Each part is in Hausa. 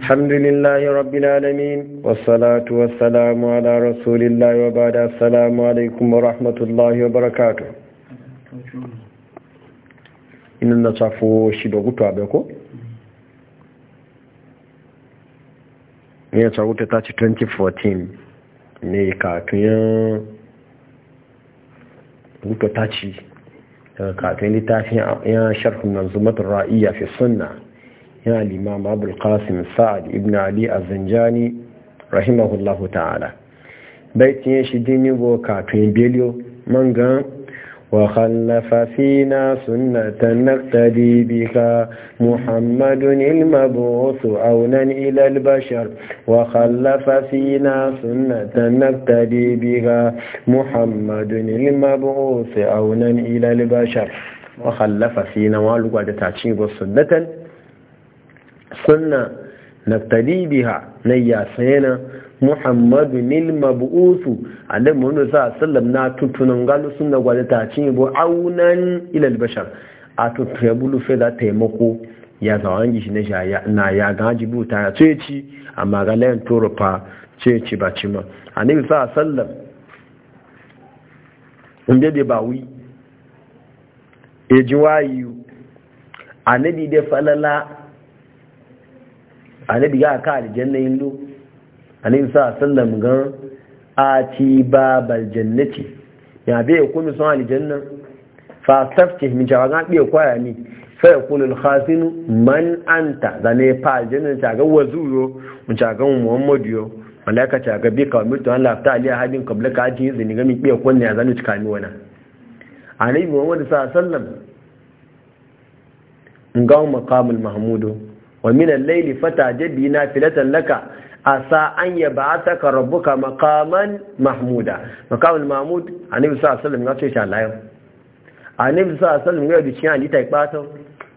الحمد لله رب العالمين والصلاة والسلام على رسول الله وبعد السلام عليكم ورحمة الله وبركاته إننا نصفو شبه قطع بيكو ne tsawuta ta ci 2014 ne katuyan wuta ta ci daga katuyan littafin yan sharfin nan zumatun ra'iyya fi sunna yana limam abul qasim sa'ad ibn ali a zanjani rahimahullahu ta'ala baiti shi dini kafin ka tun beliyo manga wa khallafa fina sunnatan naqtadi biha muhammadun al-mabuth awnan ila al-bashar wa khallafa fina sunnatan naqtadi bashar wa ta ci go sunna na talibiha na yasayana muhammadu nil mabu'usu annabi muhammadu sa sallam na tuntunan galu suna gwada ta cin yabo aunan ilal bashar a tuntun ya bulu fe za taimako ya zawon gishi na ya gaji buta ya ce ci amma ga layan turufa ce ci ba ci ma annabi sa sallam inda da ba wi e ji wayi annabi da falala annabi ya ka aljanna yindo annabi sa sallam gan ati babal jannati ya be ko mi son aljanna fa tafti min jawaga be kwaya ni fa yaqulu al khazinu man anta zane pa aljanna ta ga wazuro mun ta ga muhammadu yo malaka ta ga bi ka to Allah ta aliya hadin kabla ka ji zini ga mi be ne ya zanu cika mi wana annabi muhammadu sa sallam ngau maqamul mahmudu wa min al-layli fatajabbi nafilatan laka asa an ka rabbuka maqaman mahmuda Makaman mahmud annabi sallallahu alaihi wasallam ya ce Allah annabi sallallahu alaihi wasallam ya bi cin alita ipato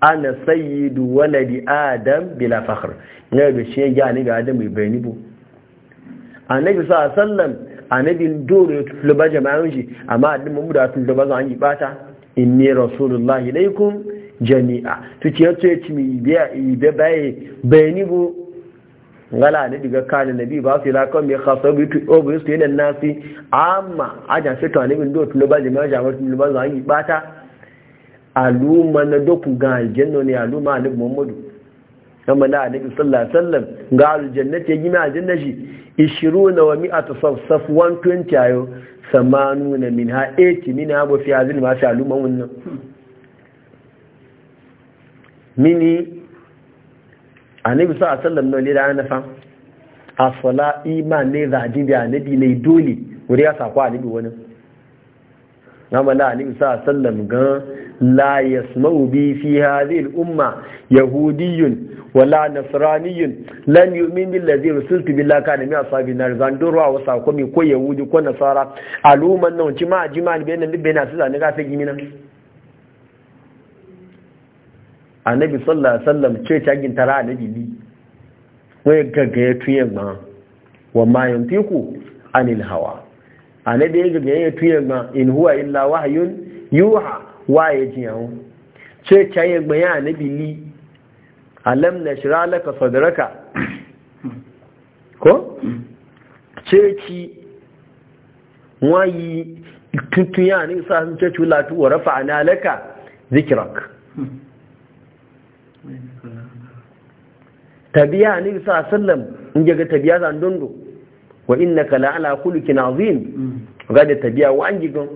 ana sayyidu waladi adam bila fakhr ya bi cin ya annabi adam bai bayani bu annabi sallallahu alaihi wasallam annabi dole tulba jama'a shi amma annabi mu da tulba zan yi bata inni rasulullahi ilaikum jami'a tuci ya ci mai biya baye bayani bu ngala na diga na biyu ba su ila kan bi khasabi tu obis to yana nasi amma aja se to ne ndo tun ba jama'a jami'a tun ba zan yi bata aluma na doku ga aljanna ne aluma ali muhammadu kama na annabi sallallahu alaihi wasallam ga aljannati ya gina aljanna shi na wa mi'atu safsaf 120 ayo na minha 80 minha bo fi azil ma sha aluma wannan mini ne sa a sallam na da na fa a sola iman ne za a jibi nabi ne dole wuri ya sakwa nabi wani namala ne bisa a sallam gan layas ma'ubi fi hadhihi al-umma yahudiyyun wala nasraniyyun lan yu'min bil ladhi rusultu laka da miya sabi na zanduru wa sako mi ko yahudi ko nasara aluman nan ci ma jima ne bai na su zane gafe gimina annabi sallallahu alaihi wasallam ce cagin tara annabi bi wai ya tuye ma wa ma yantiku anil hawa annabi ya ya tuye ma in huwa illa wahyun yuha wa yajiyahu ce cagin gba ya annabi li alam nashra laka sadraka ko ce ci wayi tuntun ya ne sa sun ce tula tu wa rafa'ana laka zikrak tabiya annabi sallallahu alaihi in ga tabiya zan dondo wa innaka la ala khuluqin azim mm. ga da tabiya wa an gigan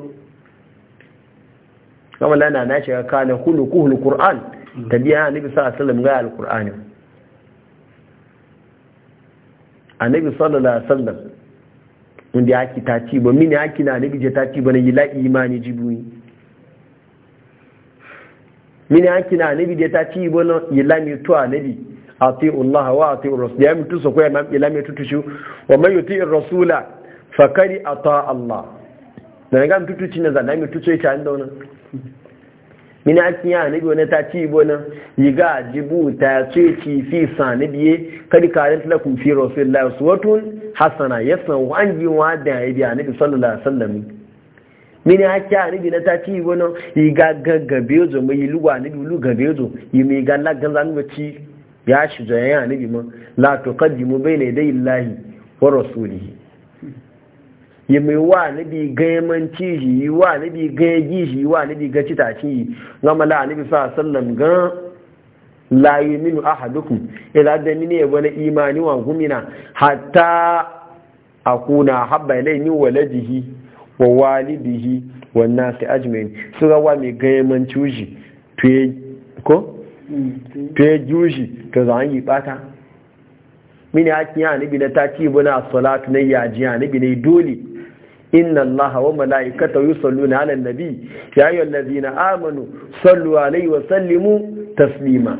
kama lana na shiga kana khuluquhul qur'an mm. tabiya annabi sallallahu alaihi wasallam ga alqur'ani annabi sallallahu alaihi wasallam inda yake ta ci ba mini yake na nabi je ta ci ba ne yi la'imani jibuni mini haki na nabi da ta ci bono ilami to nabi ati Allah wa ati rasul ya mutu so ko ya ilami tutu shi wa man yuti rasula fakari ata Allah dan ga mutu ci na zanami tutu ya an dauna mini haki ya nabi wani ta ci bono yiga jibu ta ce ci fi sanabiye kadi karanta lakum fi rasulillahi uswatun hasana ya wa an yi wa da ya bi annabi sallallahu alaihi wasallam mini ake a bi na tafi wani yi ga gaggabe zo mai luwa ni lu gabe zo yi mai ga lagan zanuwa ci ya shi a ya bi ma la to kaddimu bai ne dai lahi wa rasulihi yi mai wa nibi gaiman ci shi yi wa ni bi gaji shi yi wa ni bi gaci ta ci yi gama la bi sa sallam gan la yi minu ahadukum ila da mini ya e wani imani wa gumina hatta akuna habba ni waladihi wa walidihi wa nasi ajmain su wa mai gayyaman cuji tuye ko tuye juji to zan yi bata mini hakin ya nabi na ta ci buna salatu na yaji ya nabi na dole inna Allah wa malaikatahu na halin nabi ya na amanu sallu alaihi wa sallimu taslima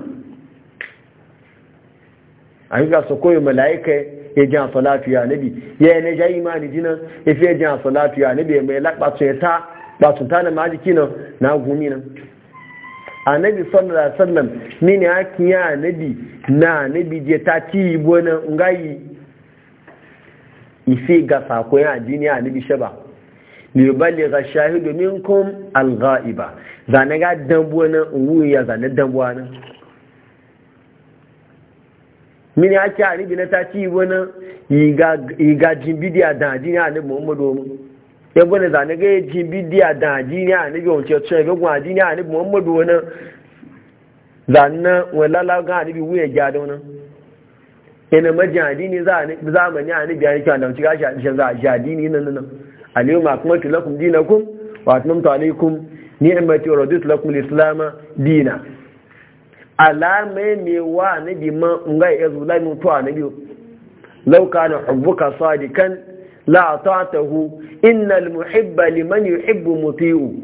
ayi ga su koyi malaika ya ji salatu ya nabi ya ne ja imani jinan ya fi ya ji salatu ya nabi mai lakbatun ya ta batun ta na majiki nan na gumi A annabi sallallahu alaihi wasallam ni ne hakin ya annabi na annabi je ta ci ibo na ngayi ife ga sakon addini annabi shaba liyuballi ga shahidu minkum alghaiba zane ga dambuwa na uwu ya zane dambuwa na mini ake anibi na ta ci wani iga jimbidiya da ajiyar anibi muhammadu omu ya gwani zane ga ya jimbidiya da ajiyar anibi wance cewa ga gwa ajiyar anibi muhammadu wani zane wani lalaga anibi wuya gyada wani yana majin adini zamani anibi ya nake wadda shiga shi za a shi adini nan nan aliyu ma kuma tulakum dinakum wa atmamtu alaikum ni'mati wa raditu lakum al-islam dina alamai ne wa nabi ma nga ya zo la mu to nabi law kana hubuka sadikan la ta'tahu innal muhibba liman yuhibbu muti'u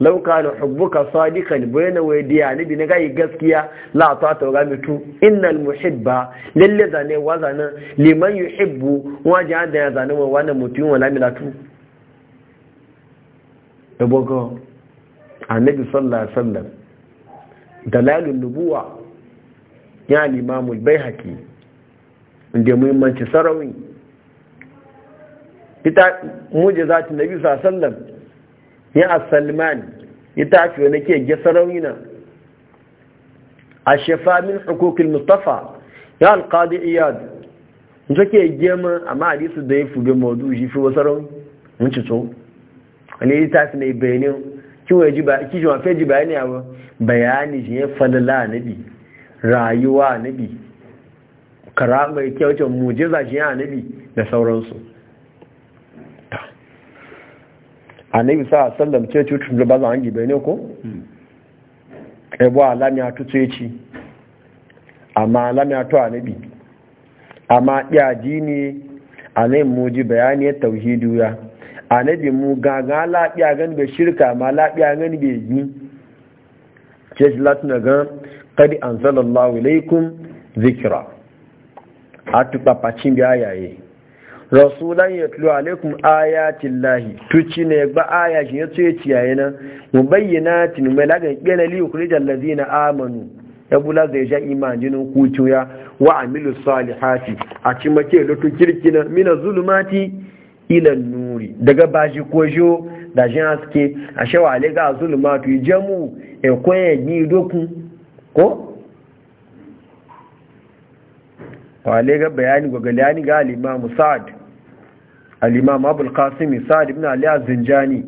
law kana hubuka sadikan bayna wa diya nabi na ga gaskiya la ta'tahu ga mutu innal muhibba lalle zane wa zana liman yuhibbu wa ja da zane wa wani mutu wa la milatu ebogo annabi sallallahu alaihi wasallam dalalun Lubuwa ya limamul bai haƙi inda muhimmanci sarawin. ita muje za ta nabi sallam ya asalman ya tafi wani ke ge sarauni na a shefa min hukukin mustafa ya alƙadi iyad in ke gema amma hadisu da ya fuge maudu shi fi wasu rauni in ci so ne ita fi na ibenin kiwon wafe ji bayani abu bayani shi ya falala nabi rayuwa nabi karamar kyautar mujiza shi ya nabi da sauransu A annabi sa a sallam ce cutun da ba za a gibe ne ko? Hmm. ebo alamiya tutu ci amma a to annabi amma ɗiyaji ne a nan muji ya tauhidu ya anabi mu gaga lafiya gani bai shirka ma lafiya gani bai yi ce shi latin gan kadi an sallallahu alaikum zikira a tukpapacin bi ayaye rasulun ya tulo alaikum ayatun lahi tuci ne ba aya shi ya tsoye ciyaye na mu bayyana tinu mai lagar kena liyu lazi na amanu ya bula zai sha jinin kutuya. wa amilu salihati a cimake lutun kirkina mina zulumati ilan nuri daga bashi kojo da shi haske a shawa tu yi jamu e kwaye ni dokun ko wale ga bayani ga galiyani ga alimamu sa'ad alimamu abul qasim sa'ad ibn ali az-zinjani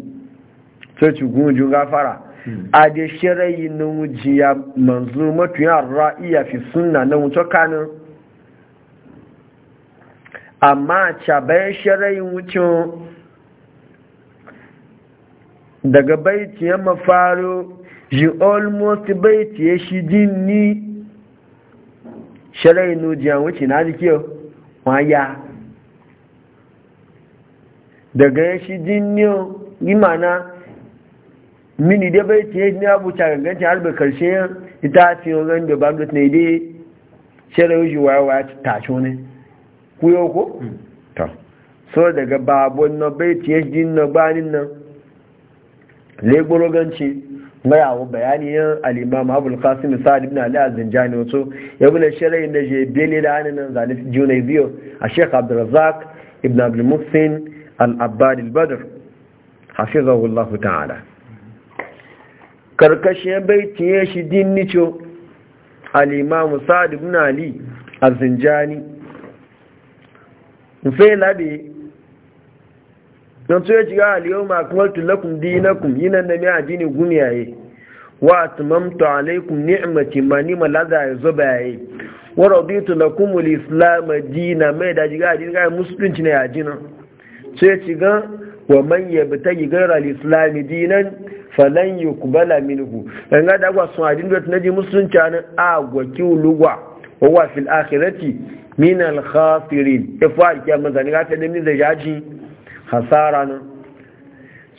sai ci gunju gafara hmm. a da shirayi wujiya manzu ya ra'iya fi sunna na kanin. amma cabai shirayin wucin daga baiti ya mafaro ji almost baiti ya shi jin ni shirayin nujiyan wuce na ji kiyo waya daga ya shi jin ni imana mini da baiti ya ni abuta ganganci har bai karshe ita a cikin yi da ba na idai shirayin wuce waya ta tashi wani kuyo ko? Hmm. ta so daga babon na bai phd na gbanin nan legboroganci mayawo bayani yan alimam abul qasim sa'ad ibn ali az-zinjani wato ibn shari'i da je bele da hanan zane juna biyo a sheikh Abdullazak, ibn abdul musin al-abbad al-badr hafizahu allah ta'ala karkashin tiye shi din nicho al-imam sa'ad ibn ali az-zinjani nfe labe don tsoye shiga aliyu makamaltu lakum dinakum yinan na mai adini gumiyaye wa atmamtu alaikum ni'mati ma ni malaza ya zuba yayi wa raditu lakum al-islam dina mai da jiga jini ga musulunci ne adina sai shiga wa man yabtagi ghayra al-islam dinan falan yuqbala minhu dan ga da gwa sun adini da tunaji musulunci an a gwaki lugwa wa fil akhirati min al khasirin ifa ya manza ni gata da min da jaji hasara na.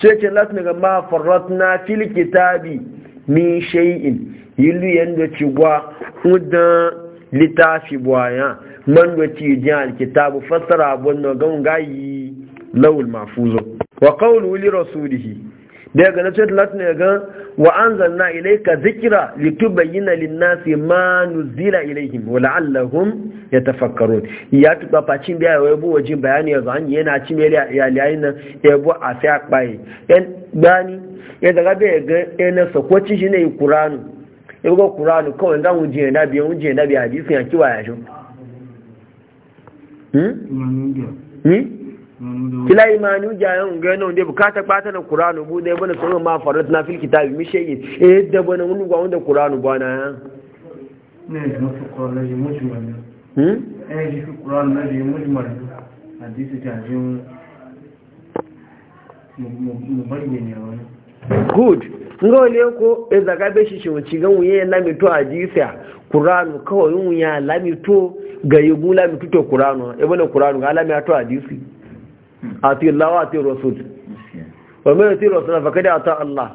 sai ce lati daga ma farratna fil kitabi min shay'in yilu yanda ci gwa udan litafi bwaya man wati jin al kitabu fasara abun nan gayi lawul mahfuzo wa qawlu li rasulihi daya na cikin latin ne ga wa an zanna ilaika zikira litubayyana linnasi ma nuzila ilaihim wa la'allahum yatafakkarun ya tuba facin biya ya yabo wajen bayani yanzu an yana ci mai yalayin ya yabo a sai akpaye yan gani ya daga bai ga yana sakwaci shi ne kuranu ya ga kuranu kawai ga mun je da biyan mun je da biya hadisin ya kiwa ya shi hmm? kila imani ujayen gano wanda bukata bata na kuranu bu da bana sunan ma farat na fil kitabi mi shege eh da bana mun gwa wanda kuranu bana ya ne da su kuranu ne mujmal hmm eh ji kuranu ne mujmal hadisi tajin mubayyin ya wani good ngo le ko e zaga be shi shi wuci gan wuye lami to hadisi kuranu kawai wuya lami to ga yubu lami to kuranu e bana kuranu ga lami to hadisi àti Allah wa ati rasul wa man yati rasul Allah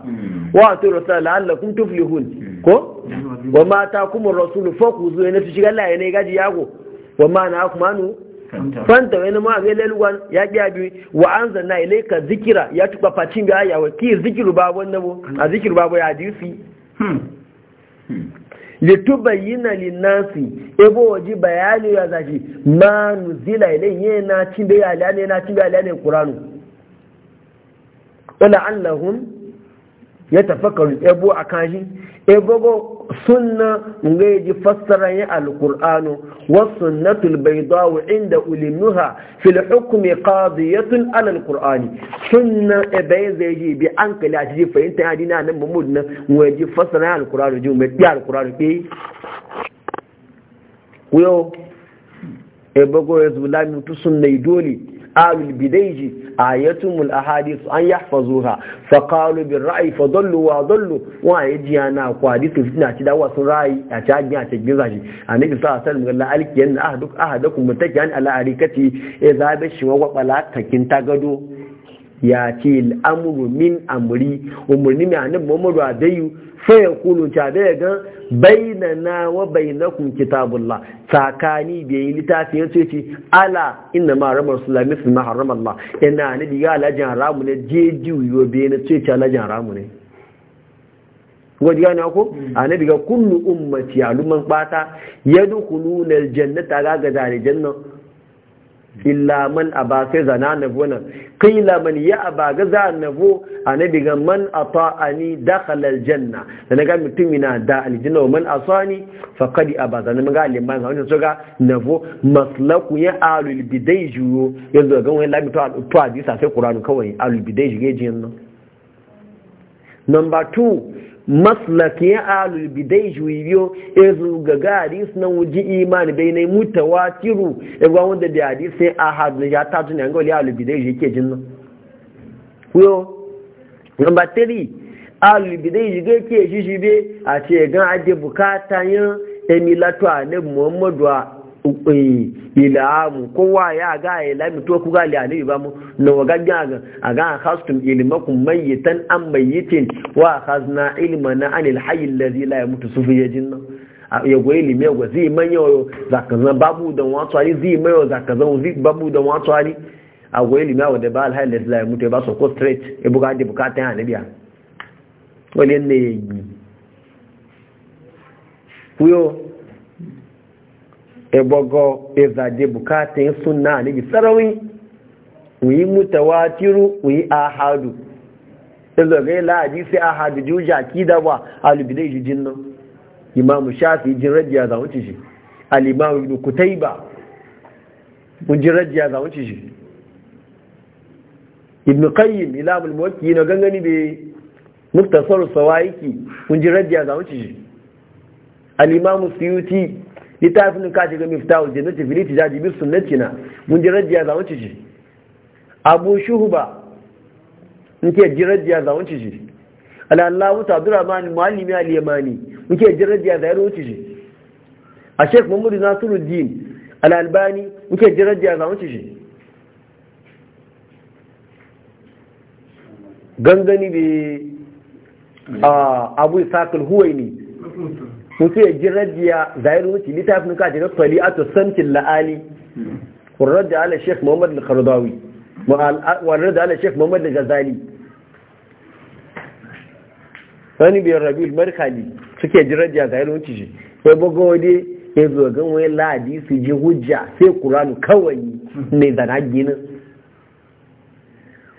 hmm. wa àti rasul la'allakum tuflihun hmm. ko hmm. wa ma atakum ar-rasul fakuzu ne shiga Allah ne gaji yago wa kuma fanta wani ma bi wa ya ya a ya hadisi litubayyana linnasi ebo waji bayani ya zashi ma nuzila ilayhi yana cin da ya alani na cin da alani qur'anu wala annahum ya tafakkaru ebo a kashi ebo go sunna nga yaji fassara ya alkur'anu wa sunnatul bayda dawo inda ulimuha fil hukmi qadiyatun ala alkur'ani sunna e ya zai yi bi an kala cikin fahimta ya dina nan mamud nan wa yaji fassara ya alkur'anu ji mai biya alkur'anu ke yi yau ebo go yazulami tu sunna dole alul bidaiji ayatumul ahadith an yahfazuha fa qalu bil ra'i fa dallu wa dallu wa yajiya na ku hadith fitna ci dawa sun ra'i a ci hajjin a cikin zashi annabi sallallahu alaihi wasallam alkiyan a ahadakum mutakiyan ala arikati idza e bashi wa qala takin tagado ya ce al'amuru min amuri umarni mai hannun muhammadu a dayu sai ya kulu ta da ga bainana wa kun kitabullah tsakani bai yi littafi ya ce ala inna ma ramar sulami su maharam Allah yana annabi ga alajin haramu ne jeji yo bai na ce alajin haramu ne wadi gane ko mm. annabi diga kullu ummati aluman bata yadkhuluna jannata ga gada da jannan illa man aba sai zana nabo nan qila man ya aba ga za nabu annabi ga man ata'ani dakhala aljanna dan ga mutum ina da aljanna wa man asani faqad aba zana ga liman ga wannan soga nabu maslaku ya alul bidayju yanzu ga wani labi to to hadisa sai qur'an kawai alul bidayju ga jinna number maslakin alul bidai juyiyo ya zuga ga hadis na wuji imani bai na mutawatiru ya gwa wanda da hadis sai ahad hadu ya tatu ne an gawali alul bidai juyi ke jinnan kuyo number three alul bidai juyi ke shi shi be a ce gan ade bukata yin emilatu a ne muhammadu a ilamu kowa ya ga ilami to ku ga liyani ba mu no ga ga ga ga khastum ilmakum mayitan am mayitin wa khazna ilmana anil hayy alladhi la yamutu sufi jinna ya goyi lime go zi manyo za kaza babu da wato ali zai za kaza zi babu da wato ali a go lime wa da ba al hayy alladhi la yamutu ba so ko straight e buga de ta ya biya wani ne yi kuyo ebogo ezaje bukatin sunna ne bi sarawi wi mutawatiru wi ahadu ezo ga la hadisi ahadu juja kida wa alibidai jinno imam shafi jin rajiya da wuce shi al-imam ibn kutayba mun jin rajiya da wuce shi ibn qayyim ilamul muwakki na gangani be muktasar sawaiki mun jin rajiya da wuce shi al-imam suyuti littafin ka shiga miftahul jannati fil tijaji bi sunnatina mun ji rajiya za wuce shi abu shuhuba nke ji rajiya za wuce shi alallahu ta'durrahman malimi al-yamani nke ji rajiya za wuce shi a sheikh na nasiruddin al-albani nke ji rajiya za wuce shi gangani bi abu isakul huwaini mutu ya ji rajiya zahir wuce littafin ka jirar fali a tusantin la'ali kurar da ala sheikh muhammad al-kardawi warar da ala sheikh muhammad al-gazali wani biyar al markali suke ji rajiya zahir wuce shi sai bugu wani ya zo gan wani la'adi su ji hujja sai kuranu kawai mai zana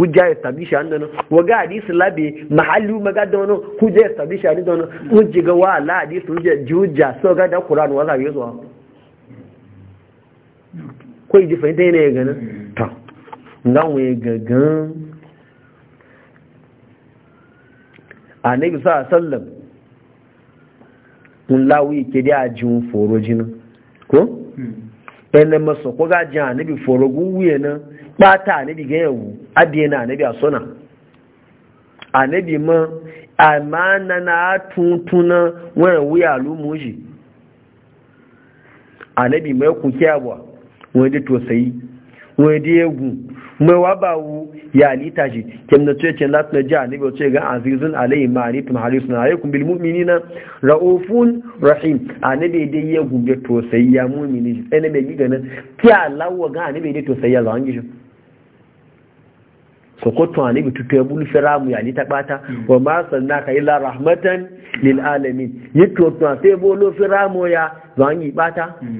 hujja ya tabi shi annan waga hadisi labe mahallu maga da wani hujja ya tabi shi annan da wani hujji ga wala hadisi hujja hujja so ga da qur'an wala ya zo ko ji hmm. fahimta ne ga nan ta nan we gagan annabi sallallahu alaihi wasallam mun lawi ke da ajin foro jinin ko ɗan maso ko ga ajin annabi foro gun wuye nan bata anabi ga yawu adiye na anabi a suna anabi ma amana na tuntuna wani wuya lumu shi anabi ya kuke abuwa wani da tosayi wani da yagu mai wu ya alita shi kim da tuyace latin da ji anabi wace ga azizun alayhi alitun harisun alaikum bil na ra'ofun rahim anabi da yagu da tosayi ya mu'mini shi tsaye na bai gida nan kya lawa ga anabi da tosayi ya zawon gishin sokoto ne bi tutu bulu firamu ya ni tabata mm. wa ma ka illa rahmatan lil alamin yito to sai bolo firamu ya zangi bata mm.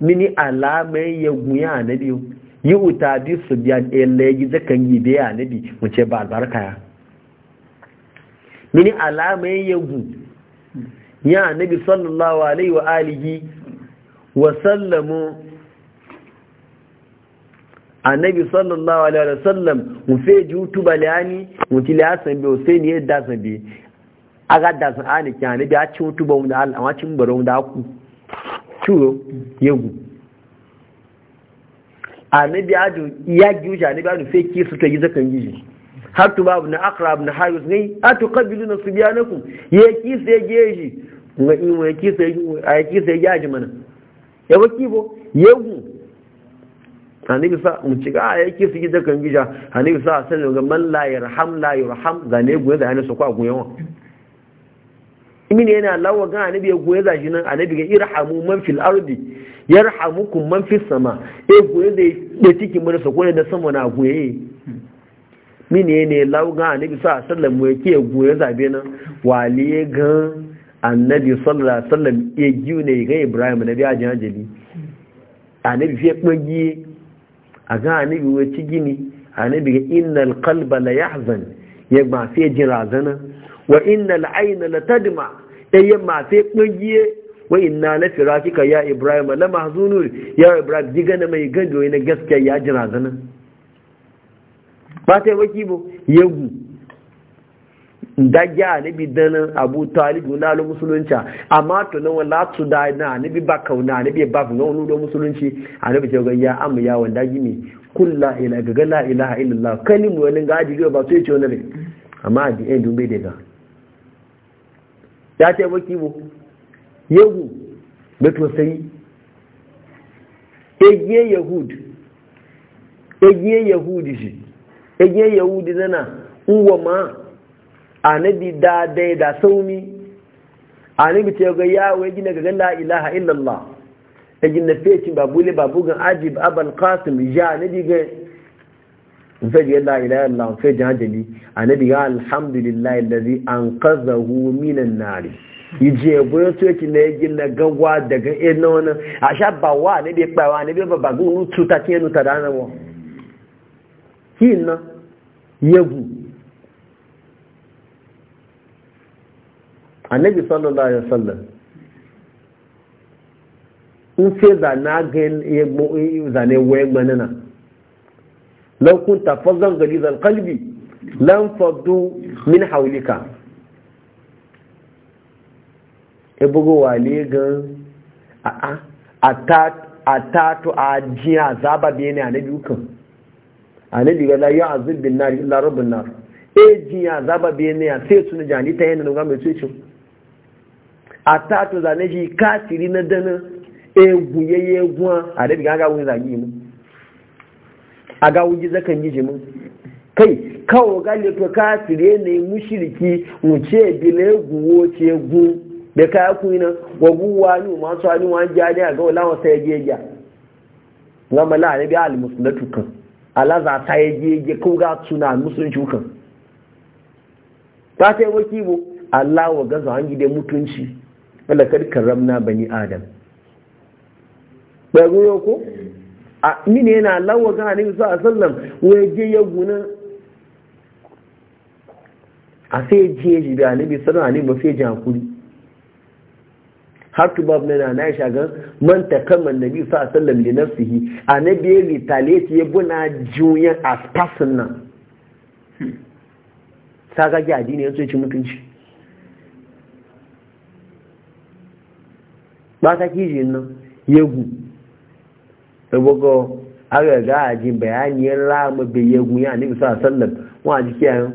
mini alama ya guya na biyu yi uta bi su biya elegi zakan yi biya na bi mu ce ba albarka ya mini alama mm. ya gu ya nabi sallallahu alaihi wa alihi wa sallamu annabi sallallahu alaihi wa sallam mu fe jutu balani mu ti la san bi usaini ya da san bi aga da san ani ki ani bi a ci mutu ba mu da Allah amma cin baro da ku turo yegu annabi ajo ya giuja ba ajo fe ki su to yi zakan giji har tu babu na akrab na harus ne na subyanakum ya ki se geji ga in ya ki se ya ki se ya ji mana ya wakibo yegu hanibi sa mu ci ga ah, ke su gida kan gija hanibi sa san ga man la yarham la yurham zane goye da hanibi su kwa goye wa imin yana lawa ga hanibi ya goye za shi nan hanibi ga irhamu man fil ardi yarhamukum man fis sama e goye da ya ciki mana su ko da sama na goye min ne lawa ga hanibi sa sallan mu yake goye zabe nan ya ga annabi sallallahu alaihi wasallam ya giyu ne ga ibrahim nabi ajin ajali annabi fiye kuma giye a ga annabi wai ci gini annabi ga innal qalba la yahzan ya ma sai jin razana wa innal ayna la tadma e ya ma sai kungiye wa inna la firaqika ya ibrahim la mahzunun ya ibrahim diga na mai gado na gaskiya ya jin razana ba waki bo dagya anabi dana abu talib na lo musulunci amma to nan wala to da na anabi ba kauna anabi ba na wani lo musulunci anabi ce ga ya amma ya wanda gimi kulla ila ga la ilaha illallah kalimu wani ga adi ba sai ce wani amma di end eh, bai daga ya ce baki bo yahu da to sai egiye yahud egiye yahudi shi egiye yahudi nana uwa ma anabi da dai da saumi anabi ta ga ya wai gina ga la ilaha illallah e gina feci babu le babu gan ajib abal kasim ya anabi ga zaje la ilaha illallah fe jahadali anabi ga alhamdulillah allazi anqadhahu minan yi yije boyo to ki na gina gagwa daga ina wannan asha ba wa ne bi pa wa ne bi babu nu ta tienu wa wo na yagu annabi sallallahu alaihi wasallam in ce zana ga zane wayan manana lan kun tafazzan zan kalbi lan faddu min haulika e bugo wale gan a'a a tatu a jiya zaba biye ne a na dukan a na biyu gala yau a zubbin nari illa rubin nari e jiya zaba biye ne a sai tuni jani ta yanar ga mai cocin a tato zane shi kasiri na dana egun yayye egun a da bigan agawun zagi mu agawun ji zakan yi mu kai kawo gale to kasiri ne mushiriki mu ce bile egun wo ce egun da kaya ku ina waguwa ni ma so ani wa ja ne ga wala wasa yaje ya ngama la ne bi al muslimatu kan ala za ta yaje ya ku ga tuna musulunci kan ta sai wakibo Allah wa gaza an gide mutunci wala kad ramna bani adam ba goyo ko a mine yana lawa ga annabi sallallahu alaihi wasallam wai je ya guna a sai je shi da annabi sallallahu alaihi ba sai ji hakuri har babu na na ya gan man takamman nabi sallam da wasallam li a annabi ya retaliate ya buna juyan as person nan sa ga ji ne ya ci mutunci mata kiji nan yegu ebogo aga ga ajin ya rama bai yegu ya nabi sa sallam wa ji kiyan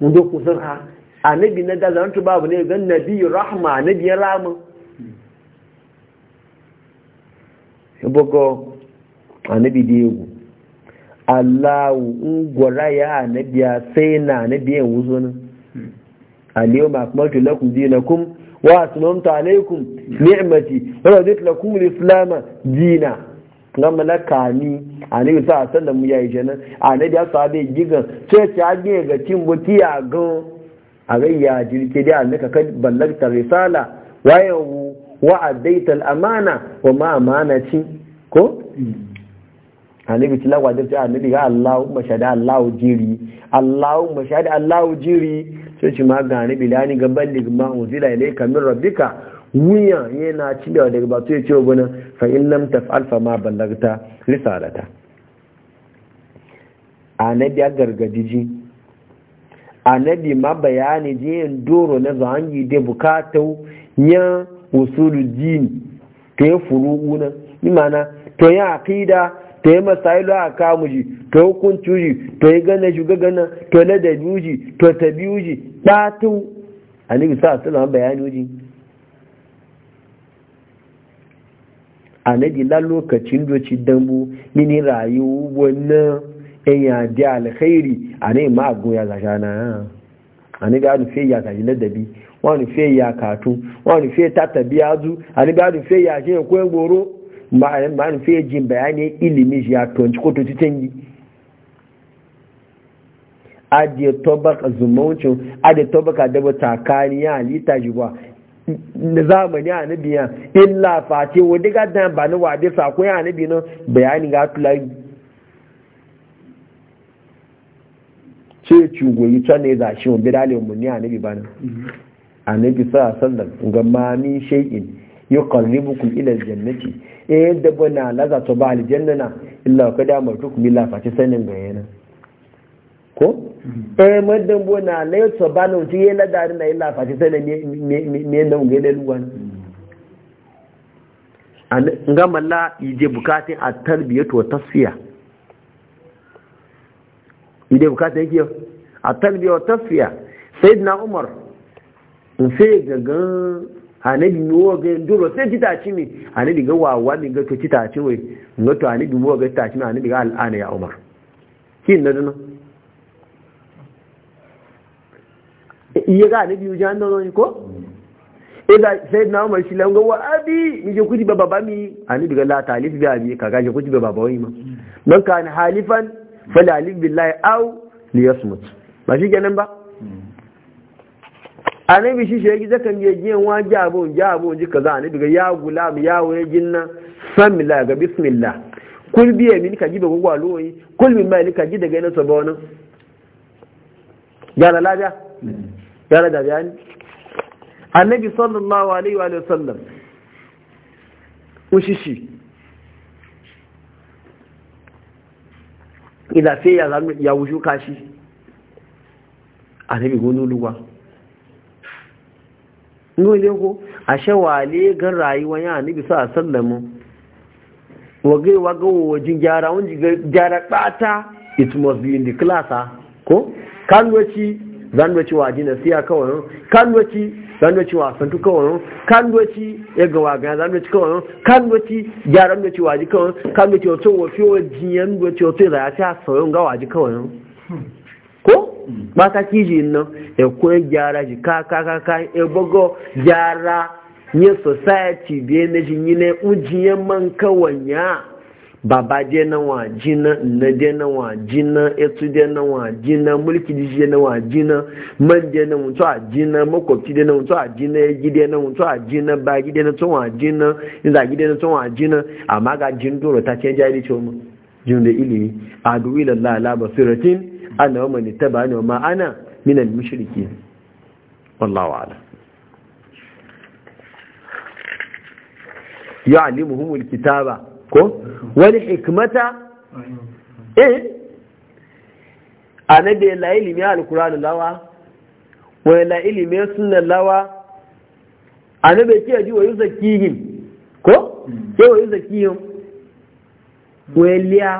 mun do kusur ha anabi na gaza wanto na ne gan nabi rahma ya rama ebogo annabi da yegu Allahu ngwara ya annabi sai na annabi wuzo nan hmm. al-yawma akmaltu lakum dinakum wa ni'mati wa raditu lakum al-islam dina ngam na kani ani sa sallan mu yayi janan ani da sahabe giga ce ta age ga cin a go a ya jirke da annaka kad ballagta risala wa yawu wa adaita al-amana wa ma amanati ko bi tilawa da ta annabi ga Allahumma shada Allahu jiri Allahumma shada Allahu jiri sai ci ma ga annabi lani gaban ligma uzila ilayka min rabbika wuya yana cilewa daga batu ya cewa wani fa'in lam alfa ma ballagta risalata annabi ya a annabi ma bayani je yin doro na zahangi da bukatau ya usulu jini ta yi furu'u na imana ta yi aqida ta yi masailu a kamuji ta yi hukuncuji ta yi gana shuga gana ta ladabi uji ta tabi uji ɗatu annabi sa su bayani uji annabi la lokacin doci dambu mini rayu wannan ya di alkhairi anai ma goya ya gasha na annabi adu fe ya gaji ladabi wani fe ya katu wani fe ta tabiya zu annabi adu fe ya shi ko goro ma ma fe jin bayani ilimi ya tonci ko to titengi adiye tobaka zumuncin adiye tobaka dabo takani ya halitta shi ba da zamani a nabiya illa face wadda gadan ba ni wade sako ya anabi nan bayani ga tulayi ce cugoyi can ne shi wa birale umarni a anabi ba ni a nabi sa sallan ga mami shai'in yi ila jannati eh yadda bana laza ta ba aljanna na illa ka damar tukum illa sanin ga yana ko eh madan bona le to banu ti yai dar na yi lafashe sai da me na unge da luwan an ga malla ije bukatin a tarbiyatu wa tasfiya ije bukatin yake at tarbiyatu wa tasfiya na umar in sai gagan anabi mi wo ga duro sai ti ta chimi anabi ga wawa ne ga to ci wai, ga ngato anabi wo ga ta chimi anabi ga al'ana ya umar kin na dana iya ga ni biyu jan nan ko ida eh, sai na umar shi langa wa abi ni je kuti baba mi ani daga la talif bi abi ka gaje kuti baba wai ma man kan halifan fala alif billahi aw li yasmut ba shi kenan ba annabi shi shi zakan je je wa jabo jabo ji kaza annabi daga ya gulam ya waye jinna samilla ga bismillah kul biya min ka ji gibe gogwa loyi kul min ni ka ji daga ina sabawana ya la lafiya? Mm. yara da bayani annabi sallallahu alaihi wa sallam ushishi ila sai ya zama ya wushu kashi annabi gonu luwa ngo ile ko a shawale gan rayuwar ya annabi sallallahu alaihi wa sallam wage wage wajin gyara wajen gyara bata it must be in the class ah. ko kan wace zandoci wa dina siya kawai kandoci zandoci wa santu kawai kandoci ya ga wa gana zandoci kawai kandoci gyaran doci wa ji kawai kandoci wato wafi wa jiyan doci wato da ya ta sauyin ga wa ji kawai ko ba ta kiji nan ya koyi gyara ji ka ka ka ka ya bago gyara yin society biye na jinyi na ujiyan man kawanya baba je na wa jina na je na wa jina etu je na wa jina mulki je na wa jina man je na mutu a jina makwabci je na mutu a jina ya gide na mutu a jina ba gide na tun wa jina za gide na tun wa jina amma ga jin doro ta ce jari ce mu jin da ilimi adu ila la la basiratin anna wa man tabani wa ma ana min al mushrikin wallahu a'lam ya alimuhumul kitaba ko wani hikmata eh anabi la ilimi alquran lawa wa la ilimi sunna lawa anabi ke ji wa yuzakihim ko ke wa yuzakihim wa liya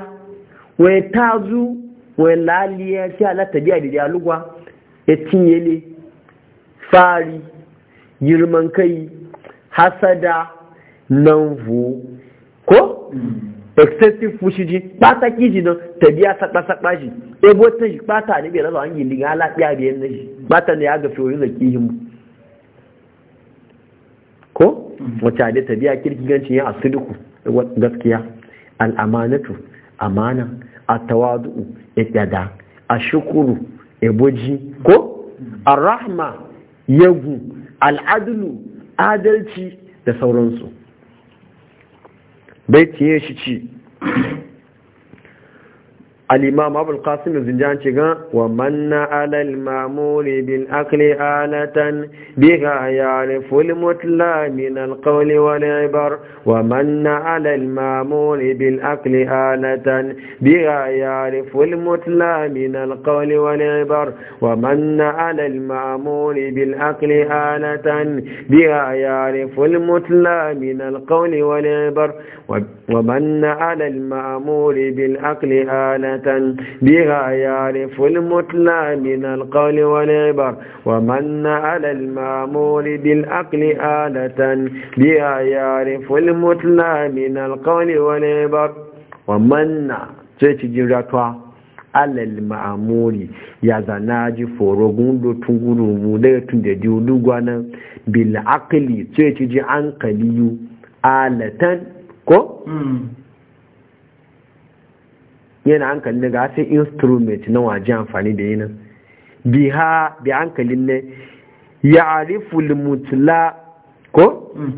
wa tazu wa liya ti ala tabi'a da alugwa ya tinyele fari girman kai hasada nan ko excessive fushi ji bata kiji nan tabiya sakpa sakpa ji ebo ta ji ɓata ne bai rasa an liga ala biya biyan na ji ɓata ne ya ga fiye da mu ko mm. wacce ta tabiya kirki gancin ya asidiku gaskiya al'amanatu amana a a shukuru ebo eboji ko mm. arrahma yagu al'adlu adalci da sauransu bai tiye shi ci al'imam abul qasim zinjan ce gan wa manna alal mamuri bin akli alatan biha ya ruful mutla min alkawali wani ibar wa manna alal mamuri bin akli alatan biha ya ruful mutla min alkawali wani ibar wa manna alal mamuri bin akli alatan biha ya ruful mutla min alkawali wani ibar ومن على المأمور بالعقل آلة بها يعرف المتلى من القول والعبر ومن على المأمور بالعقل آلة بها يعرف المتلى من القول والعبر ومن تتجرتها alal ma'amuri ya zana ji forogun lotun guru mu da ya tun da diyo dugwanan bil akali sai ci ji an kaliyu alatan ko hmm. yana hankali ne ga sai instrument na waje amfani da yinan biha bi hankalin ne ya arifu mutla ko ya hmm.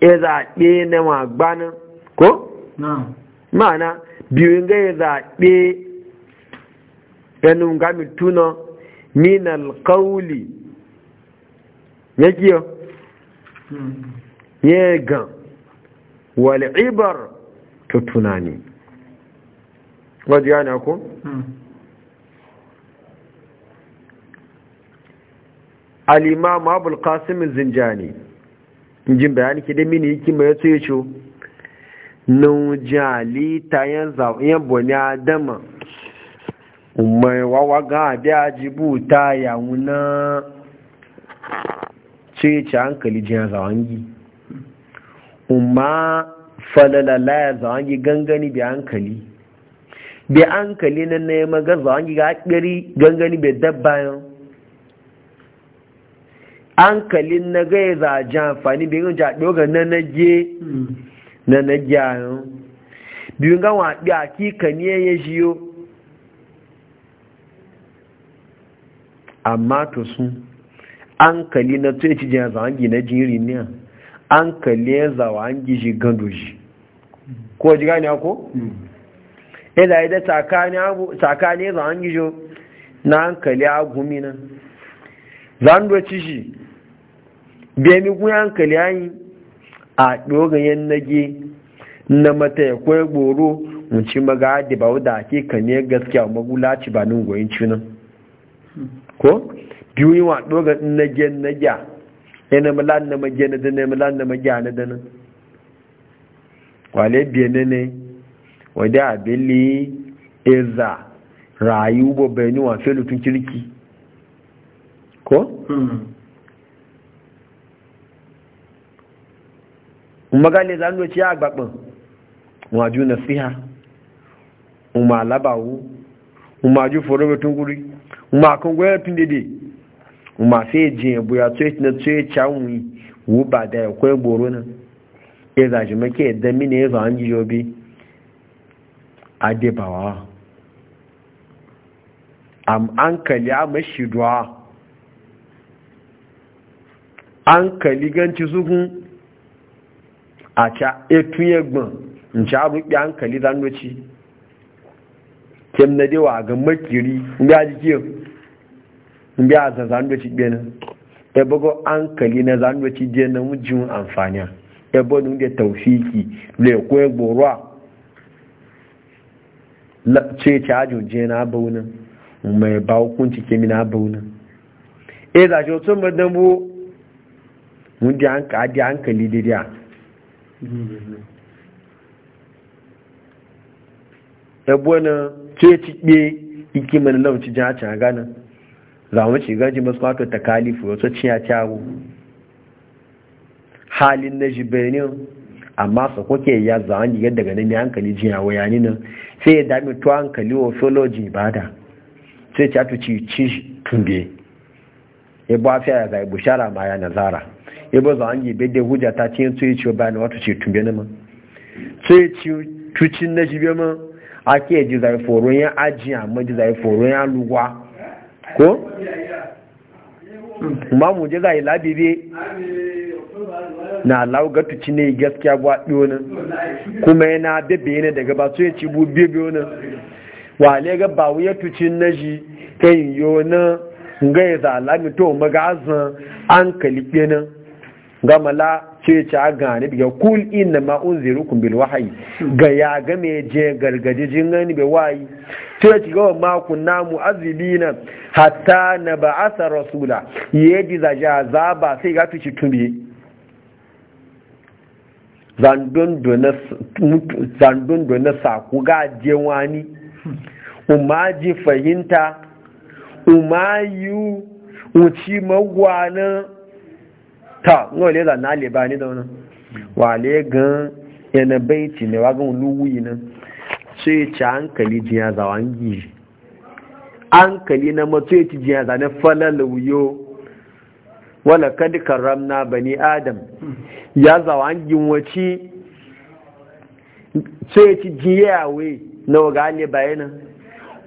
e zaɓe na magbanin ko ma'ana biyun ga ya e zaɓe yanu gami tuna min alkauli ya kiyo hmm. ya gan wal'ibar ta tunani wadda yana ku? Hmm. Alima abul kasimin zinjani jin bayani ke dai mini yato ya ce nujali ta yan boni adama mai wawa ga abi jibu ta yawuna ce ce hankali jiya zawangi umma falala ya zawangi gangani bi hankali bi hankali na na ya maga zawangi ga akiri gangani bi dabba yau hankali na ga a ji amfani bi yin jaɗo ga na naje na naje yau biyun ga waɗi a kika ne ya jiyo, amma to sun hankali na ya ci jiya zawangi na jiri ne an kalle zawa an gishi gando shi ko ji gani ko? ila hmm. yi da tsakani zawa an gijo na an kalle agumi nan zando ci shi biya mi kuma an kalle yayi a dogayen nage na mata ya kwaye goro wunci maga da ba wadda ake kane gaskiya magula ci ba nan goyin hmm. cunan ko biyu yi wa dogayen nage nage yana milan na magiya na dana milan na magiya na wale biya ne ne wadda abili eza rayu babbai ni wafe lutun kirki ko? Hmm. magale za ndoci ya agbagbin waju nasiha umarlabawu umaju forobetun guri umakon gwayatun dede mafi jiya buya tsoye na tsoye canwi ba da ya kwai goro nan ya zaji make yadda mini ya zuwa ji jobi adebawa am an kali a mashiduwa an kali ganci zuhun a ca etun yagbon in ca buɗe an kali zanoci kem na dewa ga makiri ga jikiyar mbi a zazan da ci benin na an kali na zan da ci mujin amfani ebe nun da tawfiki le ko e la ce ci ajo je na bauna mai ba hukunci ke mi na bauna e da jo tun bu mun di an di an kali dia na ce ci be lauci zama ce gaji masu kwato ta kalifu wasu ciya kyawu halin na jibenin amma su kuke ya zama ne yadda ganin ya hankali jiya wayani nan sai ya dami to hankali wa philology bada sai ta tuci ci tunge ya ba fiye ya zai bushara ma ya nazara ya ba zama ne bai da huja ta cin tsoye ciwo bayan wato ci tunge na ma sai tucin na jibe ma ake ji zai foron ya ajiya ma ji zai foron ya luwa ko? ma mu je zai labibe na laugatu ci ne gaskiya ba na. kuma yana bebe ne daga ba su ya ci bu bebe na. wa le ga ba wuya tuci na ji kai yo na ga ya zalami to magazin an kalibe nan ga la ce na a gani biya kul ma'un zai rukun bil wahayi. ga ya ga je gargaji jin gani bai wayi ce ci makon namu na. na hatta nab'atha rasula ji za a zaba sai ga tuci tumi zandun do na zandon saku ga je wani ji fahimta yi uci magwana ta ngo le da na le ba ni do na wa le gan na baiti ne wa gan luwi na sai ci hankali jiya an kali na mato ya ci jiya zane falal wuyo wala kad karamna bani adam ya zawangin waci sai ya ci jiya we na waga ne bayanan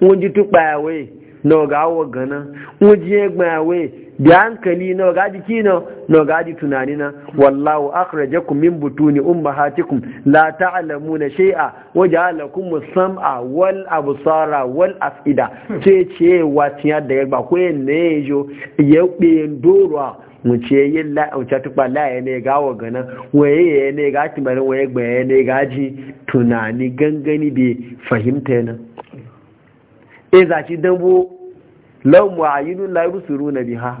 wọ́n ji tu pa we na waga awa gana wọ́n ji egba ya we da hankali na gadi kino na gadi tunani na wallahu akhrajakum min butuni ummahatikum la ta'lamuna shay'a wa ja'alakum musam'a wal absara wal afida ce ce watiya da ba ko ne yo yabe ndorwa mu ce yin la ta tuba la ya ne gawo ganan waye ya ne ga timarin waye gba ya ne gaji tunani gangani bai fahimta na eh zaci dambo lau mu'ayinun la yusuru na biha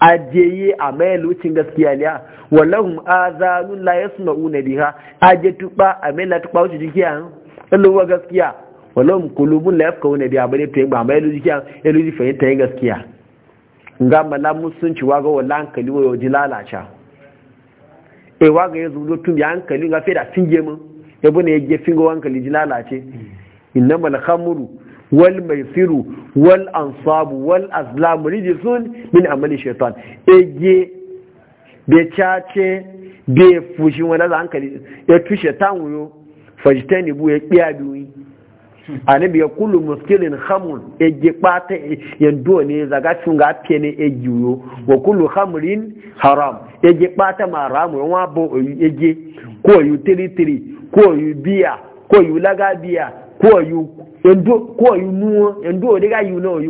ajeye a mai lucin gaskiya liya wa lahum azanun la yasma'u na biha aje tuba a mai lati kwa wucin jikiya tsallowa gaskiya wa lahum kulubun la yafkawu na biha bane to ba mai lujikiya ya luji fahimta ya gaskiya nga mala musunci waga wa lankali wa yaji lalaca e waga ya zuwa tun ya hankali nga fe da finge mun ya bane ya ge fingo hankali ji lalace inna hmm. innamal khamru wal maisiru wal ansabu wal azlamu rijisun min amali shaitan ege be chace be fushi wani za hankali ya tu shaitan wuyo fajitani bu ya kiya biyu anabi ya kullu muskilin khamun ege kpata yando ne zaga chunga pene ege wuyo wa kullu khamrin haram ege kpata ma haramu wa bo ege ko yu tiri ko yu biya ko yu laga biya kowayu nuwa yando wadda ga yi nawa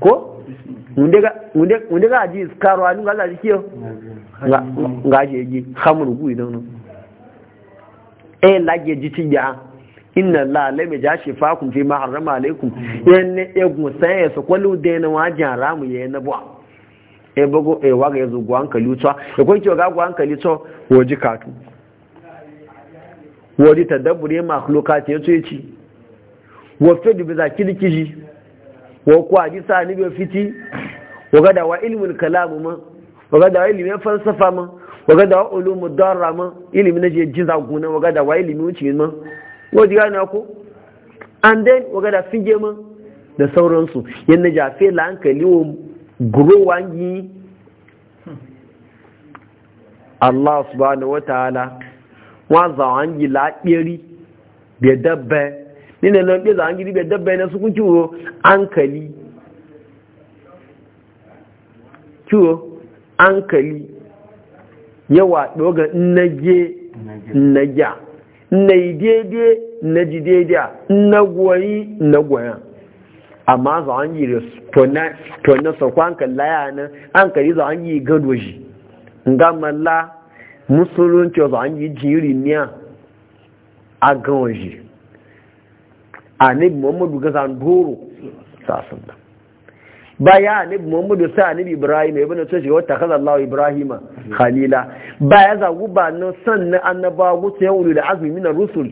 ko? wunde ga ji iskaro kiyo hamuru gui don nan eh lage ji ti ya inna la la me ja shi fakum fi ma alaikum yanne E sai ya so kwallo de na wajin haramu ya na e bago e waga ya zo gwan e ga gwan kalitwa waji katu wani tadabbur ya makhluka ce yace ci wa da biza zakirkiji wa ku sa ni bi fiti wa da wa ilimin kalamu ma wa gada wa ilmin falsafa ma wa da wa ulumud darra ma ilmin je jiza guna wa da wa ilmin wuce ma wa diga na ku and then wa da fige ma da sauransu yanda jafe la hankali wa growangi hmm. Allah subhanahu wa ta'ala wọn zàwọn yìí lápẹ́rí bẹ̀ dẹ́bẹ̀ nínú ẹ̀nà pé zàwọn yìí bẹ̀ dẹ́bẹ̀ ní sukun kí wo ankali kí wo ankali wà yawa ɗoga nnage nnagya nnai daidai nnaji daidai nnagwayi nnagwaya amma zàwọn yìí tọ̀nà sọ̀kọ́ ankali la yà nan ankali zàwọn yìí gado shi nga la. musulunci ọzọ anyị jiri ní agan a anabi muhammadu gaza doro sasun da baya anabi muhammadu sai anabi ibrahim ya na cewa wata kaza Ibrahim ibrahima khalila baya za ba na na annaba wuce ya wuri da azumi na rusul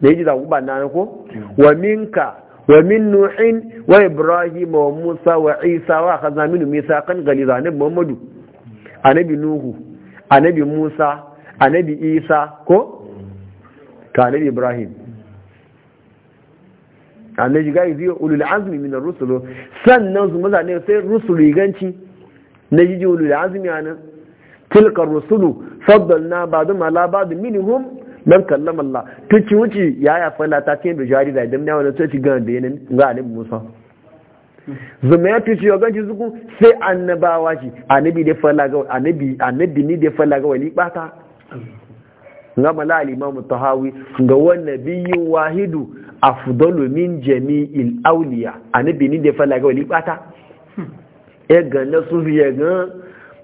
da ya ji zagu ba na ko wa minka wa min nuhin wa ibrahim wa musa wa isa wa kaza minu misa kan galiza anabi muhammadu anabi nuhu annabi musa annabi isa ko ka annabi ibrahim annabi ga yi zuwa ulul azmi min rusulu sannan su maza ne sai rusulu ganci na yi ulul azmi anan tilka rusulu faddalna ba'dhum ala ba'd minhum man kallama allah tuci wuci yaya fala ta ce da jari da idan ya wani sai ci ga da yanin ga annabi musa zama ya tuci yau ganci suku sai annabawa shi annabi da falaga annabi annabi da wali bata nga mala al tahawi ga wannan biyu wahidu afdalu min jami'il awliya annabi ne da falaga wali bata e ga na sufi ya ga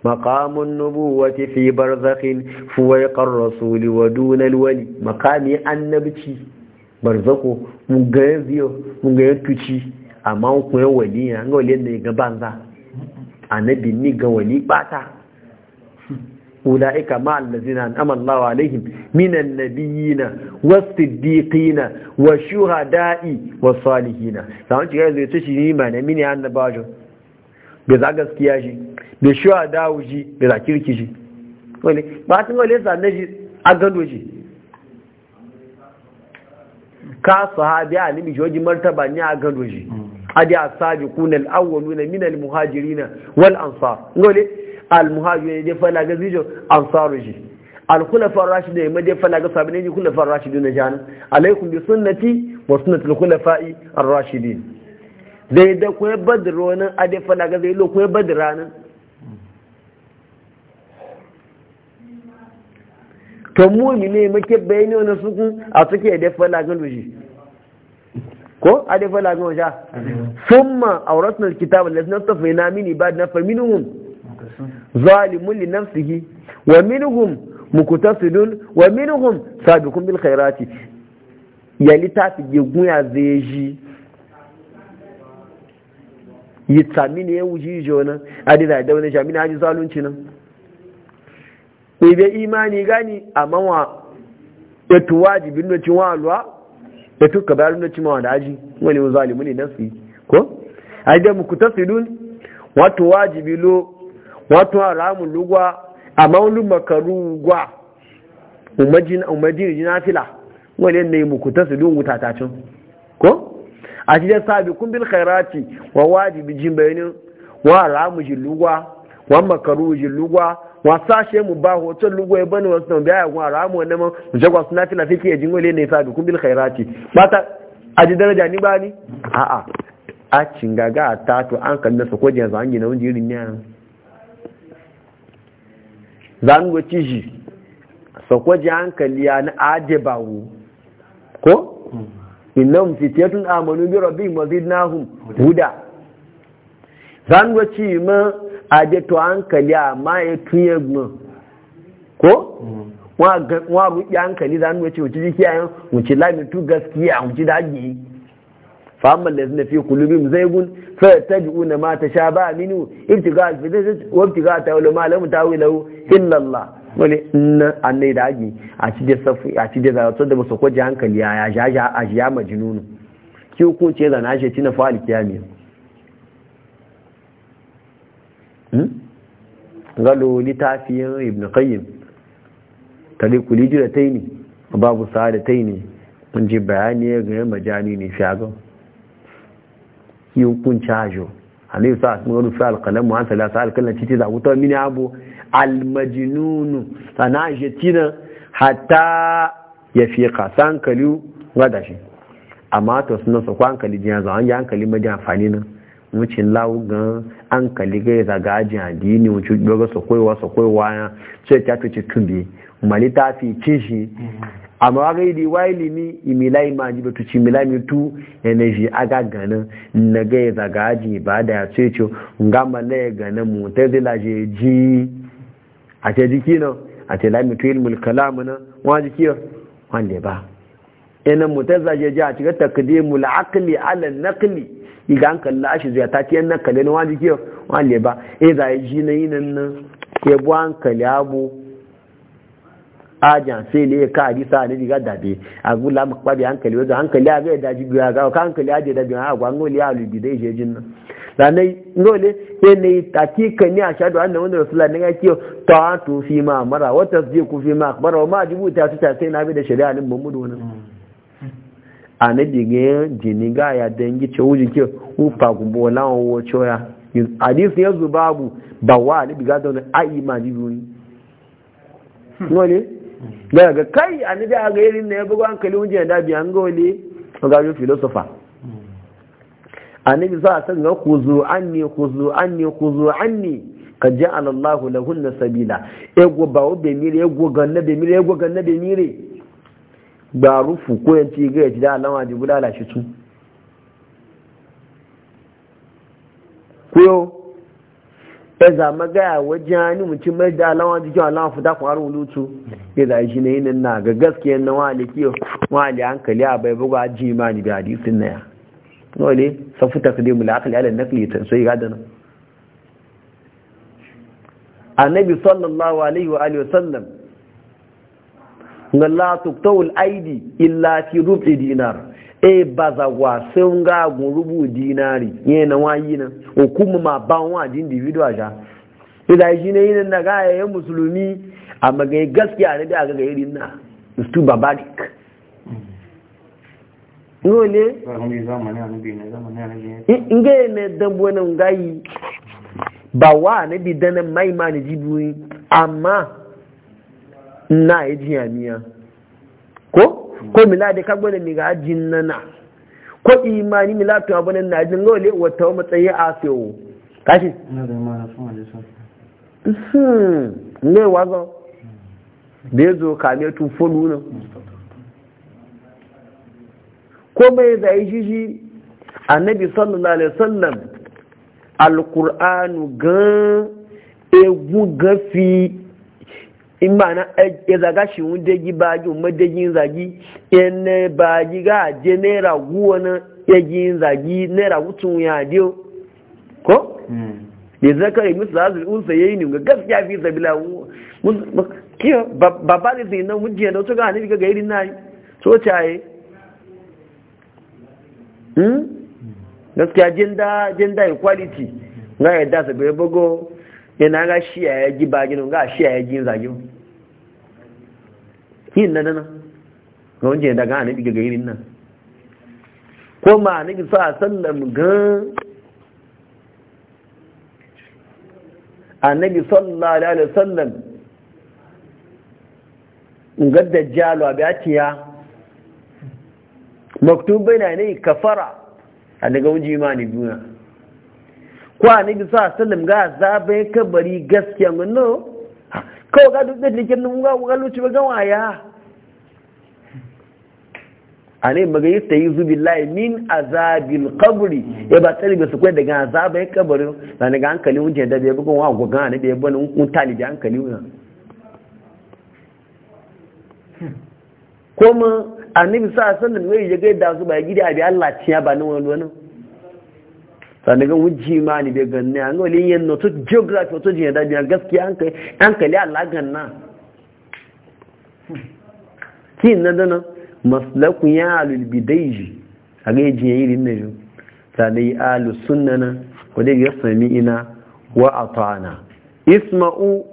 مقام النبوة في برزخ فويق الرسول ودون الولي مقام النبتي برزخه مغير amma ku yan wali ya ga wali ne ga banza na ni ga wali bata ulaika ma allazina an'ama Allahu alaihim minan nabiyina was-siddiqina wash-shuhada'i was-salihina sai ga zai ce shi ma ne mini annabawa bai za gaskiya shi bai shuhada shi bai za kirki shi wani ba tun wale sannan shi a gado shi ka sahabi a nimi shi wajen martaba ne a gado shi hadi asabi kunal al-awwaluna min al-muhajirina wal ansar ngole al-muhajirin dai fala ga zijo ansaru ji al-khulafa ar rashidin ma dai fala ga sabine ji khulafa ar-rashidun jan alaykum bi sunnati wa sunnati al khulafa ar-rashidin zai da ko badro nan ade fala ga zai lo ko badra nan to mu ne muke bayani wannan sukun a suke da fala ga loji ko adifa lami wajen summa auratun kitabun da na tafi na mini ba na fa minuhum zalimun li nafsihi wa minuhum mukutasidun wa minuhum sabiqun bil khairati ya litafi gegun ya zeji yi tsamini ya wuji jona adida da wani jami'in haji zalunci nan ibe imani gani a mawa ya tuwaji bin da cin wa alwa ya tuka bayan da cimawa da aji wani zalimu ne nan su yi ko a da muku tasidun wato wajibi lo wato haramun lugwa a maulun makaru gwa umajin jina fila wani ne muku tasidun wuta ta cin ko a cikin sabi kun bil khairati wa wajibi jin bayanin wa haramun jin lugwa wa makaru jin lugwa wasashe mu ba hoton lugo ya bani wasu nan biya ra mu wannan man jagwa suna fila fiki jin wale ne sa dukun bil khairati ba ta aji daraja ni ba ni a a cingaga a tato an kan nasa ko jiya zangi na wani jirin ne zango ciji sakwaje hankali ya na aje ba wu ko innahum fityatun amanu bi rabbihim wa zidnahum huda zango ci ma aje to hankali ma ya tuye mu ko wa ruɓi hankali za nuna ce, wuce jikiya yau, wuce tu gaskiya wuce daji fa'amman da suna fi mu zai gun sai ta ji una ma ta sha ba minu ibtiga alfitis wabtiga ta wula ma lamu ta wula illallah wani nan annai daji a ci da safi a ci da a da basu kwaje hankali ya ya ja a ya majinunu ki ya zana shi tina fa alkiyami Hmm? galo littafin ibn qayyim tariku lijira ta ne babu sa'ada ta ne mun ji bayani ga yin majani ne shagon yin kun cajo alayhi sa sun rufe mu an salasa alkalan titi za wuta mini abu almajinunu sana jetina hatta ya fi kasan kaliu wadashi shi amma to suna su kwa hankali jiya zuwa hankali jiya amfani nan wucin laugan an kaliga ya zaga ajin addini wucin gbogbo su koiwa su koiwa ya ce ta fi tuci tumbi mali ta fi ci shi amma wa gaidi wa ilimi imilai ma ji batu ci cimilai mi tu energy aga ganin na ga ya zaga ajin ibada ya ce ce nga mala ya ganin mu ta zila je ji a ce jiki na a ce lami tu ilmul kalamu na wa jiki wanda ba ina mu ta zaje ji a cikin takdimul aqli ala naqli iga an kalli ashi zuya ta tiyan nan kalli na wani kiyo wani ba e za ji na yi nan ke bu an kalli abu ajan sai ne ka adi sa ne diga dabe a gula mu kwabi hankali wajen hankali a ga da ji biya ga ka hankali a je da biya ga ngoli a lubi dai je jin nan lanai ngole sai e ne takika ne a an da wanda rasulullah ne ga kiyo ta'atu fi ma mara wa ku fi ma akbara wa ma jibu ta ta sai na bi da shari'a ne mu mudu donan ane ga jini ga ya dangi ce wuji ke ufa gumbo lawon wo choya hadis ya zubabu ba wa anabi ga da a imani duni hmm. ngole da ga kai ane da ga irin ne ya an kali wuji da bi an gole ga yo ane bi za a san ga kuzu anni kuzu anni kuzu anni ka ja'ala Allahu lahunna sabila ego ba be mire ego ganna be mire ego ganna be mire ba rufu ko yanci ga ya ji da alama ji bulala shi su kuyo ya zama gaya wajen ci mutum mai da alama jikin alama fita kwarar wulutu ya zai shi na yinin na ga gaskiya na wali kiyo wali hankali a bai buga ji ni da hadisin na ya wale safu takdimu la akali ala nakli tan sai ga dana annabi sallallahu alaihi wa alihi sallam na la tuktawul aidi illa fi rubi dinar e bazagwa sun ga gun rubu dinari ne na wayi na hukuma ma ban wa di individual ja idan shi ne yin da ga yayin musulmi a magai gaskiya ne da ga irin na stu babadik nole nge ne dambo na ngai ba wa ne bi danan mai ma ne jibuyi amma na yi jiya miya ko ko mila da kagbo da ga ajin nana ko imani mila to abu na jin gole wata wa tsaye a o. kashi hmm. ne wazo da ya zo kame tun fulu na? ko mai zai shi shi annabi sallallahu alaihi wasallam alqur'anu gan egun gafi in ma na ya e, e zaga shi wun dagi bagi umar yin zagi ba ji ga je naira guwa na yin zagi naira wutun ya dio ko da zaka yi musu hazin unsa yayi ne ga gaskiya fi ki kiyo babba ne sai nan mujiya da ga hanifi ga irin nayi so caye gaskiya jinda da jin da equality na yadda sabai bugo. yana ga shi a yaji baginu ga shi a yaji zaginu yin na nan ga wajen daga a nabi gagarin nan ko ma nabi sa sallam gan annabi sallallahu alaihi sallam ga jalo a biya maktubai na ne kafara a daga wajen imanin duniya ko bi sa sallam ga zabe kabari gaskiya mun no ko ga duk da dikin mun ga ga luci ba waya. ane maga yi tayi zu billahi min azabil qabri ya e ba talibi su kai daga azabai kabari na daga hankali mun je da bai bugun wa gogan ne bai bani mun talibi hankali mun kuma annabi sa alaihi wasallam ya ga da su ba gidi abi Allah ciya ba nan wani wani sannan wujji ma ni bai ganne an gole yin no to geography to jin da biya gaskiya an kai an kali Allah ganna kin nan dana maslaku ya alul a ga jin yi rin ne yi alu sunnana ya sami ina wa atana isma'u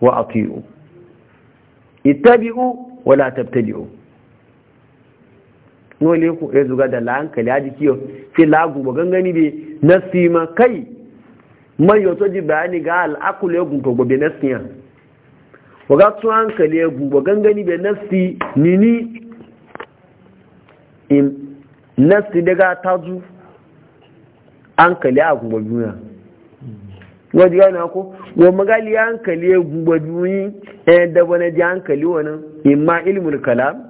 wa ati'u ittabi'u wa la tabtadi'u nole ku ya zuga da hankali haji kiyo fi lagu ba gangani be nasi ma kai man yoto ji bayani ga al'akul ya gunto gobe nasi ya waga tun hankali ya ba gangani be nasi nini nasi daga tazu hankali a gunto duniya wajen yana ko wa magali hankali ya ni? duniya eh, da wani ji hankali wani imma ilmul kalam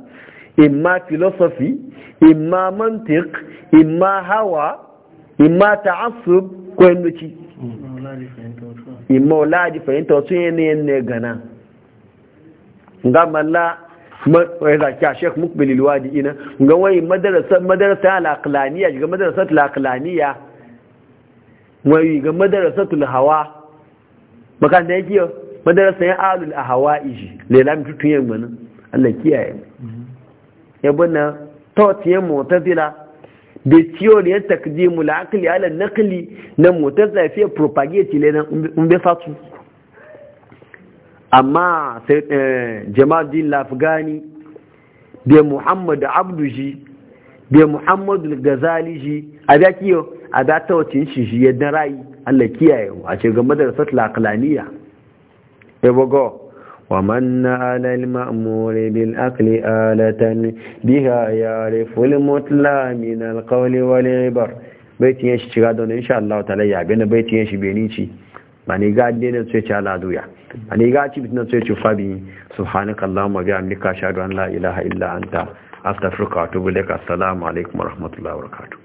imma filosofi imma mantik imma hawa imma ta'assub ko ci? imma walaji fahimta wasu yanayin ne gana ga malla a shek mukbil ilwadi ina ga wai madarasa madarasa al ga madarasa al-aqlaniya wai ga madarasa al-hawa makan da yake madarasa ya alul ahwa'i lelam tutun yan mana Allah kiyaye yabana ya mutazila da ya takdimu la'akali ala nakali na mutazila fiye propagate ile na umbe fatu amma eh, din lafgani da muhammadu abdu shi da muhammadu gazali shi a da kiyo a da shi shi yadda rayi allah kiyaye a ce game da rasat la'akalaniya ومن على المأمور بالأكل آلة بها يعرف المطلع من القول والعبر بيت يشي غادون إن شاء الله تعالى يعبين بيت يشي بينيشي mani ga dinin sai ci ala duya mani ga ci bitin sai ci fabi subhanaka allahumma bi amrika ashhadu an la ilaha illa anta astaghfiruka wa atubu ilaik assalamu alaikum wa rahmatullahi wa barakatuh